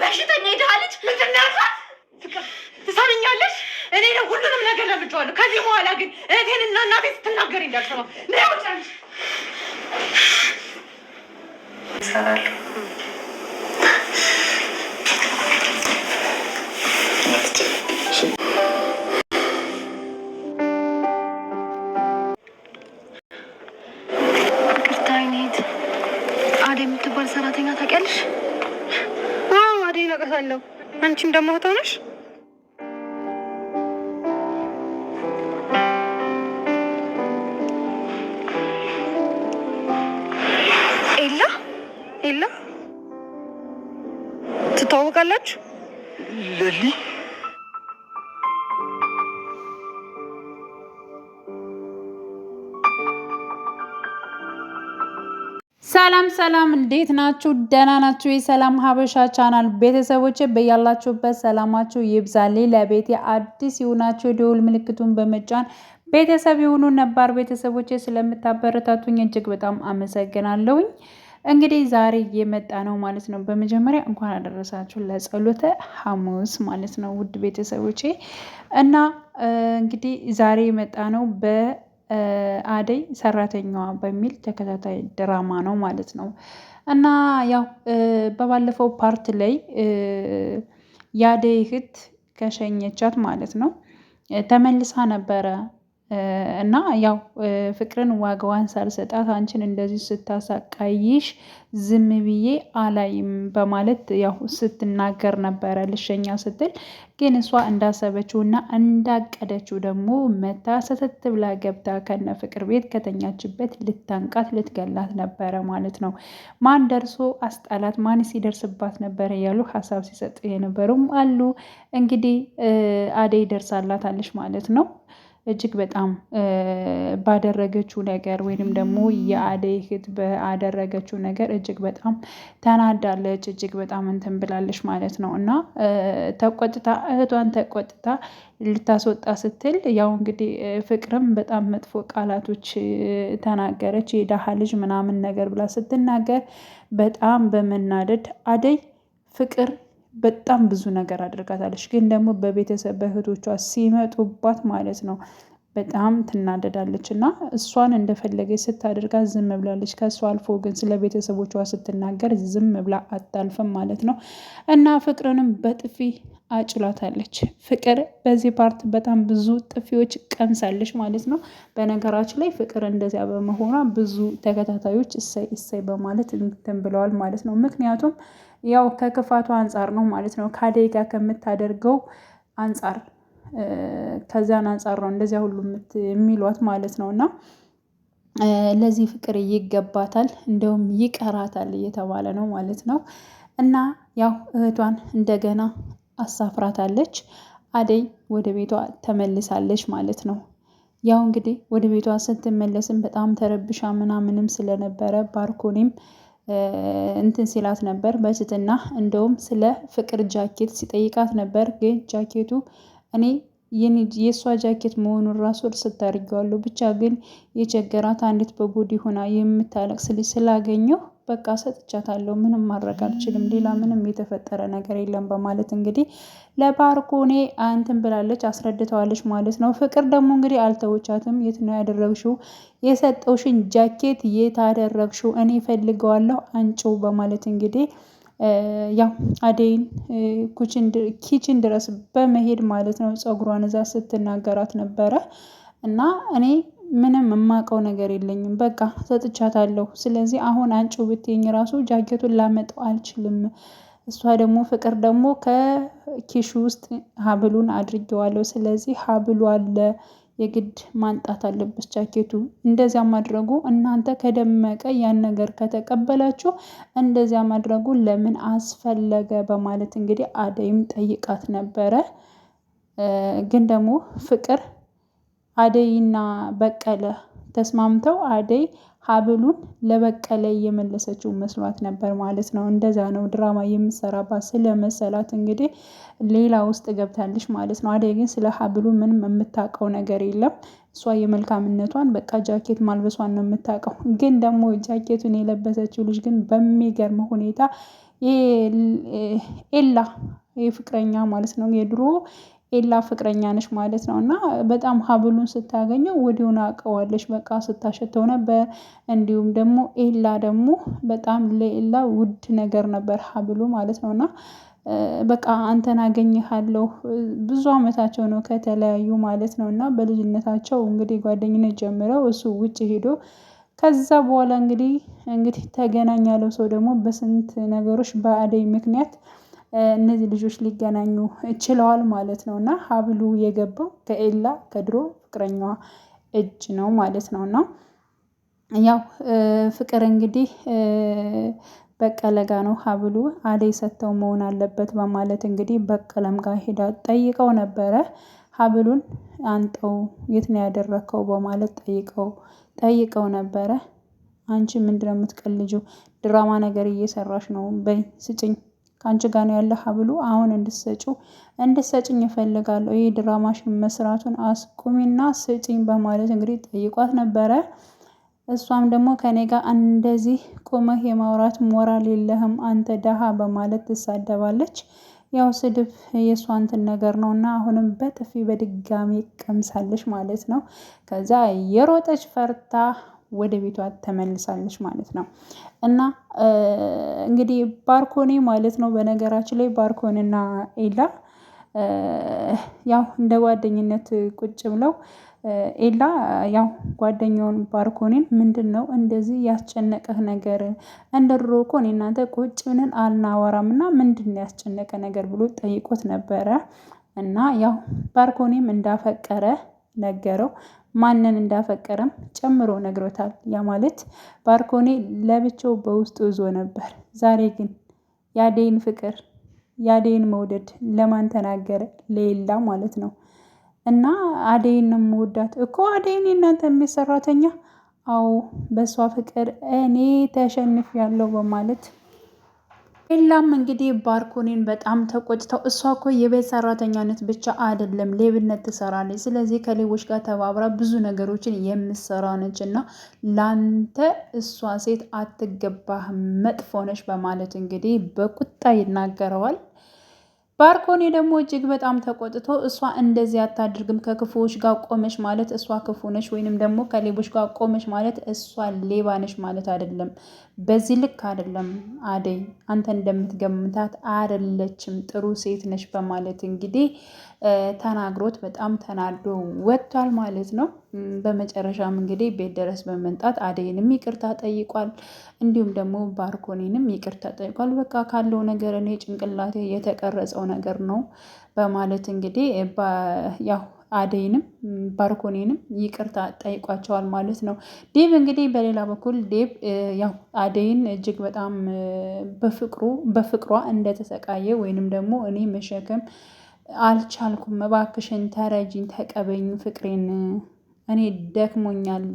በሽተኛ የድሃ ልጅ ምትናሳ ትሰምኛለሽ? እኔ ነው ሁሉንም ነገር ለምጄዋለሁ። ከዚህ በኋላ ግን እህቴን እና እናቴን ስትናገር እንዳልሰማ ነውጫለሽ ይሰራሉ አውቃለሁ። አንቺም ደግሞ እህት ሆነሽ ኤላ ኤላ ትተዋወቃላችሁ? ሰላም ሰላም፣ እንዴት ናችሁ? ደህና ናችሁ? የሰላም ሀበሻ ቻናል ቤተሰቦች በያላችሁበት ሰላማችሁ ይብዛልኝ። ለቤቴ አዲስ የሆናችሁ የደውል ምልክቱን በመጫን ቤተሰብ የሆኑ ነባር ቤተሰቦች ስለምታበረታቱኝ እጅግ በጣም አመሰግናለሁኝ። እንግዲህ ዛሬ የመጣ ነው ማለት ነው። በመጀመሪያ እንኳን አደረሳችሁ ለጸሎተ ሐሙስ ማለት ነው ውድ ቤተሰቦቼ እና እንግዲህ ዛሬ የመጣ ነው በ አደይ ሰራተኛዋ በሚል ተከታታይ ድራማ ነው ማለት ነው። እና ያው በባለፈው ፓርት ላይ የአደይ እህት ከሸኘቻት ማለት ነው ተመልሳ ነበረ እና ያው ፍቅርን ዋጋዋን ሳልሰጣት አንቺን እንደዚህ ስታሳቃይሽ ዝም ብዬ አላይም በማለት ያው ስትናገር ነበረ። ልሸኛ ስትል ግን እሷ እንዳሰበችውና እንዳቀደችው ደግሞ መታ ሰተት ብላ ገብታ ከነ ፍቅር ቤት ከተኛችበት ልታንቃት ልትገላት ነበረ ማለት ነው። ማን ደርሶ አስጣላት፣ ማን ሲደርስባት ነበረ እያሉ ሀሳብ ሲሰጡ የነበሩም አሉ። እንግዲህ አደይ ደርሳላታለች ማለት ነው። እጅግ በጣም ባደረገችው ነገር ወይንም ደግሞ የአደይ እህት ባደረገችው ነገር እጅግ በጣም ተናዳለች። እጅግ በጣም እንትን ብላለች ማለት ነው እና ተቆጥታ እህቷን ተቆጥታ ልታስወጣ ስትል ያው እንግዲህ ፍቅርም በጣም መጥፎ ቃላቶች ተናገረች። የደሃ ልጅ ምናምን ነገር ብላ ስትናገር በጣም በመናደድ አደይ ፍቅር በጣም ብዙ ነገር አድርጋታለች። ግን ደግሞ በቤተሰብ በእህቶቿ ሲመጡባት ማለት ነው በጣም ትናደዳለች እና እሷን እንደፈለገች ስታደርጋ ዝም ብላለች። ከእሷ አልፎ ግን ስለ ቤተሰቦቿ ስትናገር ዝም ብላ አታልፍም ማለት ነው እና ፍቅርንም በጥፊ አጭላታለች። ፍቅር በዚህ ፓርት በጣም ብዙ ጥፊዎች ቀምሳለች ማለት ነው። በነገራችን ላይ ፍቅር እንደዚያ በመሆኗ ብዙ ተከታታዮች እሰይ እሰይ በማለት እንትን ብለዋል ማለት ነው። ምክንያቱም ያው ከክፋቱ አንጻር ነው ማለት ነው። ከአደይ ጋር ከምታደርገው አንጻር ከዚያን አንጻር ነው እንደዚያ ሁሉ የሚሏት ማለት ነው። እና ለዚህ ፍቅር ይገባታል እንደውም ይቀራታል እየተባለ ነው ማለት ነው። እና ያው እህቷን እንደገና አሳፍራታለች። አደይ ወደ ቤቷ ተመልሳለች ማለት ነው። ያው እንግዲህ ወደ ቤቷ ስትመለስም በጣም ተረብሻ ምናምንም ስለነበረ ባርኮኔም እንትን ሲላት ነበር በስትና እንደውም ስለ ፍቅር ጃኬት ሲጠይቃት ነበር ግን ጃኬቱ እኔ የእሷ ጃኬት መሆኑን ራሱ ስታርጊዋለሁ። ብቻ ግን የቸገራት አንዲት በቦዲ ሆና የምታለቅስ ልጅ ስላገኘሁ በቃ ሰጥቻታለሁ። ምንም ማድረግ አልችልም። ሌላ ምንም የተፈጠረ ነገር የለም በማለት እንግዲህ ለባርኮኔ አንትን ብላለች፣ አስረድተዋለች ማለት ነው። ፍቅር ደግሞ እንግዲህ አልተወቻትም። የት ነው ያደረግሽው? የሰጠውሽን ጃኬት የት አደረግሽው? እኔ ፈልገዋለሁ አንጪው በማለት እንግዲህ ያው አደይን ኪችን ድረስ በመሄድ ማለት ነው ፀጉሯን እዛ ስትናገራት ነበረ። እና እኔ ምንም የማውቀው ነገር የለኝም፣ በቃ ሰጥቻታለሁ። ስለዚህ አሁን አንጪው ብትይኝ ራሱ ጃኬቱን ላመጣው አልችልም። እሷ ደግሞ ፍቅር ደግሞ ከኪሹ ውስጥ ሀብሉን አድርጌዋለሁ። ስለዚህ ሀብሉ አለ የግድ ማንጣት አለበት ጃኬቱ እንደዚያ ማድረጉ እናንተ ከደመቀ ያን ነገር ከተቀበላችሁ እንደዚያ ማድረጉ ለምን አስፈለገ በማለት እንግዲህ አደይም ጠይቃት ነበረ። ግን ደግሞ ፍቅር አደይና በቀለ ተስማምተው አደይ ሀብሉን ለበቀለ እየመለሰችው መስሏት ነበር ማለት ነው። እንደዛ ነው ድራማ የምሰራባት ስለመሰላት እንግዲህ ሌላ ውስጥ ገብታለች ማለት ነው። አደይ ግን ስለ ሀብሉ ምንም የምታውቀው ነገር የለም። እሷ የመልካምነቷን በቃ ጃኬት ማልበሷን ነው የምታውቀው። ግን ደግሞ ጃኬቱን የለበሰችው ልጅ ግን በሚገርም ሁኔታ ኤላ የፍቅረኛ ማለት ነው የድሮ ኤላ ፍቅረኛ ነች ማለት ነው። እና በጣም ሀብሉን ስታገኘው ወዲሁን አውቀዋለች። በቃ ስታሸተው ነበር። እንዲሁም ደግሞ ኤላ ደግሞ በጣም ለኤላ ውድ ነገር ነበር ሀብሉ ማለት ነው። እና በቃ አንተን አገኘሃለሁ ብዙ አመታቸው ነው ከተለያዩ ማለት ነው። እና በልጅነታቸው እንግዲህ ጓደኝነት ጀምረው እሱ ውጭ ሄዶ ከዛ በኋላ እንግዲህ እንግዲህ ተገናኝ ያለው ሰው ደግሞ በስንት ነገሮች በአደይ ምክንያት እነዚህ ልጆች ሊገናኙ ችለዋል ማለት ነው። እና ሀብሉ የገባው ከኤላ ከድሮ ፍቅረኛዋ እጅ ነው ማለት ነው። እና ያው ፍቅር እንግዲህ በቀለ ጋ ነው ሀብሉ አደይ ሰጥተው መሆን አለበት በማለት እንግዲህ በቀለም ጋር ሄዳ ጠይቀው ነበረ። ሀብሉን አንጠው የት ነው ያደረከው በማለት ጠይቀው ጠይቀው ነበረ። አንቺ ምንድነው የምትቀልጂው? ድራማ ነገር እየሰራሽ ነው በይ ስጭኝ ከአንቺ ጋር ነው ያለ ሀብሉ አሁን እንድሰጪው እንድሰጭኝ እፈልጋለሁ ይህ ድራማሽን መስራቱን አስቁሚና ስጪኝ በማለት እንግዲህ ጠይቋት ነበረ። እሷም ደግሞ ከኔ ጋር እንደዚህ ቁመህ የማውራት ሞራል የለህም አንተ ደሃ በማለት ትሳደባለች። ያው ስድብ የእሷ እንትን ነገር ነው እና አሁንም በጥፊ በድጋሚ ቀምሳለች ማለት ነው። ከዛ የሮጠች ፈርታ ወደ ቤቷ ተመልሳለች ማለት ነው። እና እንግዲህ ባርኮኔ ማለት ነው በነገራችን ላይ ባርኮንና ኤላ ያው እንደ ጓደኝነት ቁጭ ብለው ኤላ ያው ጓደኛውን ባርኮኔን ምንድን ነው እንደዚህ ያስጨነቀህ ነገር? እንደ ድሮ እኮ እኔ እናንተ ቁጭ ብለን አልናወራም እና ምንድን ነው ያስጨነቀ ነገር ብሎ ጠይቆት ነበረ። እና ያው ባርኮኔም እንዳፈቀረ ነገረው። ማንን እንዳፈቀረም ጨምሮ ነግሮታል። ያ ማለት ባርኮኔ ለብቻው በውስጡ ይዞ ነበር። ዛሬ ግን የአደይን ፍቅር የአደይን መውደድ ለማን ተናገረ? ለኤላ ማለት ነው። እና አደይን ነው የምወዳት እኮ አደይን የእናንተ የሚሰራተኛ ሰራተኛ፣ አዎ በእሷ ፍቅር እኔ ተሸንፍ ያለው በማለት ኤላም እንግዲህ ባርኮኒን በጣም ተቆጭተው እሷ እኮ የቤት ሰራተኛነት ብቻ አይደለም ሌብነት ትሰራለች። ስለዚህ ከሌቦች ጋር ተባብራ ብዙ ነገሮችን የምትሰራ ነች እና ላንተ እሷ ሴት አትገባህ፣ መጥፎ ነች በማለት እንግዲህ በቁጣ ይናገረዋል። ባርኮኔ ደግሞ እጅግ በጣም ተቆጥቶ እሷ እንደዚህ አታድርግም፣ ከክፉዎች ጋር ቆመች ማለት እሷ ክፉ ነች፣ ወይንም ደግሞ ከሌቦች ጋር ቆመች ማለት እሷ ሌባ ነች ማለት አይደለም። በዚህ ልክ አይደለም አደይ፣ አንተ እንደምትገምታት አይደለችም፣ ጥሩ ሴት ነች በማለት እንግዲህ ተናግሮት በጣም ተናዶ ወጥቷል ማለት ነው። በመጨረሻም እንግዲህ ቤት ድረስ በመምጣት አደይንም ይቅርታ ጠይቋል። እንዲሁም ደግሞ ባርኮኔንም ይቅርታ ጠይቋል። በቃ ካለው ነገር እኔ ጭንቅላቴ የተቀረጸው ነገር ነው በማለት እንግዲህ ያው አደይንም ባርኮኔንም ይቅርታ ጠይቋቸዋል ማለት ነው። ዴብ እንግዲህ በሌላ በኩል ዴብ ያው አደይን እጅግ በጣም በፍቅሩ በፍቅሯ እንደተሰቃየ ወይንም ደግሞ እኔ መሸከም አልቻልኩም፣ እባክሽን ተረጂኝ፣ ተቀበኝ ፍቅሬን እኔ ደክሞኛል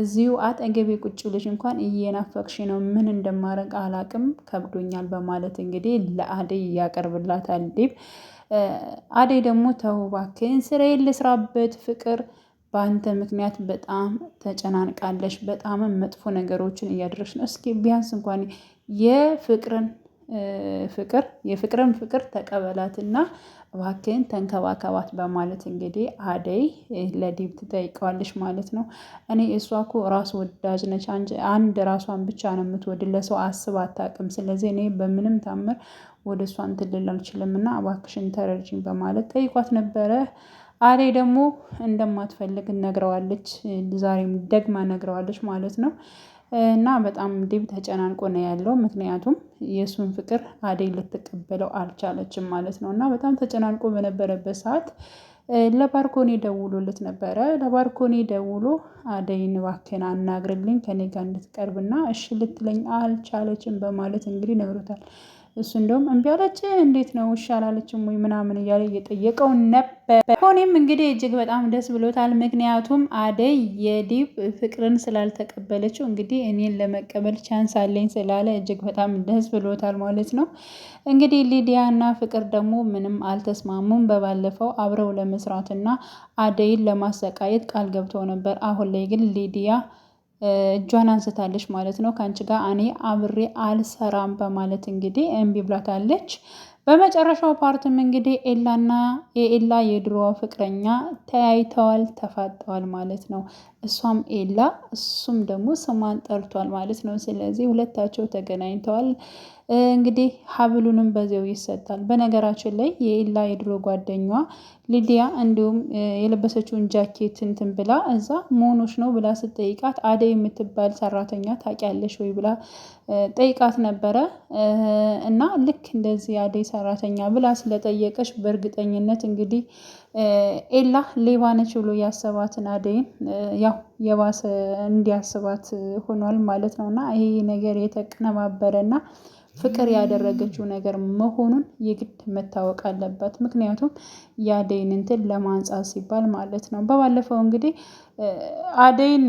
እዚሁ አጠገቤ ቁጭ ልጅ እንኳን እየናፈቅሽ ነው፣ ምን እንደማረግ አላቅም፣ ከብዶኛል በማለት እንግዲህ ለአደይ እያቀርብላታል ዲብ። አደይ ደግሞ ተው እባክህን ስራዬን ልስራበት ፍቅር በአንተ ምክንያት በጣም ተጨናንቃለሽ፣ በጣም መጥፎ ነገሮችን እያደረግሽ ነው። እስኪ ቢያንስ እንኳን የፍቅርን ፍቅር የፍቅርን ፍቅር ተቀበላትና እባክህን ተንከባከባት በማለት እንግዲህ አደይ ለዲብ ትጠይቀዋለች ማለት ነው። እኔ እሷ እኮ ራስ ወዳጅ ነች፣ አንድ ራሷን ብቻ ነው የምትወድ፣ ለሰው አስብ አታውቅም። ስለዚህ እኔ በምንም ታምር ወደ እሷ እንትን ልል አልችልም እና እባክሽን ተረጅኝ በማለት ጠይቋት ነበረ። አደይ ደግሞ እንደማትፈልግ ነግረዋለች፣ ዛሬም ደግማ ነግረዋለች ማለት ነው። እና በጣም ዲብ ተጨናንቆ ነው ያለው። ምክንያቱም የእሱን ፍቅር አደይ ልትቀበለው አልቻለችም ማለት ነው። እና በጣም ተጨናንቆ በነበረበት ሰዓት ለባርኮኔ ደውሎለት ነበረ። ለባርኮኔ ደውሎ አደይን እባክህን አናግርልኝ ከኔ ጋር እንድትቀርብና እሺ ልትለኝ አልቻለችም በማለት እንግዲህ ነግሮታል። እሱ እንደውም እምቢ አለች እንዴት ነው ውሻ ወይ ምናምን እያለ እየጠየቀው ነበር። ሆኔም እንግዲህ እጅግ በጣም ደስ ብሎታል። ምክንያቱም አደይ የዲብ ፍቅርን ስላልተቀበለችው እንግዲህ እኔን ለመቀበል ቻንስ አለኝ ስላለ እጅግ በጣም ደስ ብሎታል ማለት ነው። እንግዲህ ሊዲያ እና ፍቅር ደግሞ ምንም አልተስማሙም። በባለፈው አብረው ለመስራትና አደይን ለማሰቃየት ቃል ገብተው ነበር። አሁን ላይ ግን ሊዲያ እጇን አንስታለች ማለት ነው። ከአንቺ ጋር እኔ አብሬ አልሰራም በማለት እንግዲህ እምቢ ብላታለች። በመጨረሻው ፓርትም እንግዲህ ኤላና የኤላ የድሮ ፍቅረኛ ተያይተዋል፣ ተፋጠዋል ማለት ነው። እሷም ኤላ እሱም ደግሞ ስሟን ጠርቷል ማለት ነው። ስለዚህ ሁለታቸው ተገናኝተዋል። እንግዲህ ሀብሉንም በዚያው ይሰጣል። በነገራችን ላይ የኤላ የድሮ ጓደኛዋ ሊዲያ እንዲሁም የለበሰችውን ጃኬት እንትን ብላ እዛ መሆኖች ነው ብላ ስጠይቃት አደይ የምትባል ሰራተኛ ታውቂያለሽ ወይ ብላ ጠይቃት ነበረ እና ልክ እንደዚህ አደይ ሰራተኛ ብላ ስለጠየቀች በእርግጠኝነት እንግዲህ ኤላ ሌባ ነች ብሎ ያሰባትን አደይን ያው የባሰ እንዲያስባት ሆኗል ማለት ነው። እና ይሄ ነገር የተቀነባበረ እና ፍቅር ያደረገችው ነገር መሆኑን የግድ መታወቅ አለበት። ምክንያቱም የአደይን እንትን ለማንጻት ሲባል ማለት ነው። በባለፈው እንግዲህ አደይን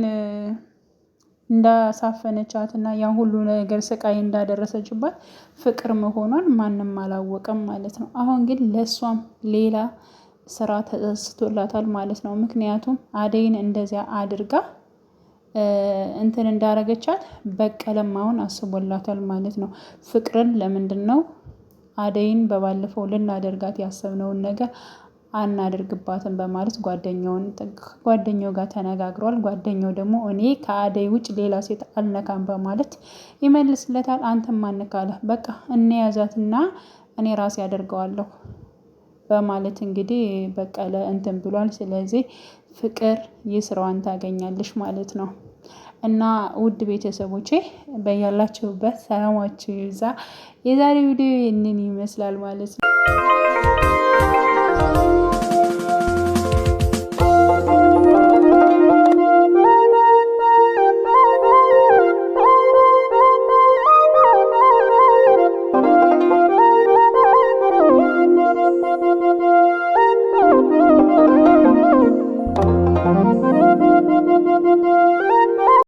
እንዳሳፈነቻት እና ያ ሁሉ ነገር ስቃይ እንዳደረሰችባት ፍቅር መሆኗን ማንም አላወቀም ማለት ነው። አሁን ግን ለእሷም ሌላ ስራ ተሰስቶላታል ማለት ነው። ምክንያቱም አደይን እንደዚያ አድርጋ እንትን እንዳረገቻት በቀለም አሁን አስቦላታል ማለት ነው። ፍቅርን ለምንድን ነው አደይን በባለፈው ልናደርጋት ያሰብነውን ነገር አናደርግባትም በማለት ጓደኛውን ጓደኛው ጋር ተነጋግሯል። ጓደኛው ደግሞ እኔ ከአደይ ውጭ ሌላ ሴት አልነካም በማለት ይመልስለታል። አንተም ማንካለህ፣ በቃ እንያዛትና እኔ ራሴ አደርገዋለሁ በማለት እንግዲህ በቀለ እንትን ብሏል። ስለዚህ ፍቅር የስራዋን ታገኛለች ማለት ነው። እና ውድ ቤተሰቦቼ በያላችሁበት ሰላማችሁ ይብዛ። የዛሬ ቪዲዮ ይህንን ይመስላል ማለት ነው።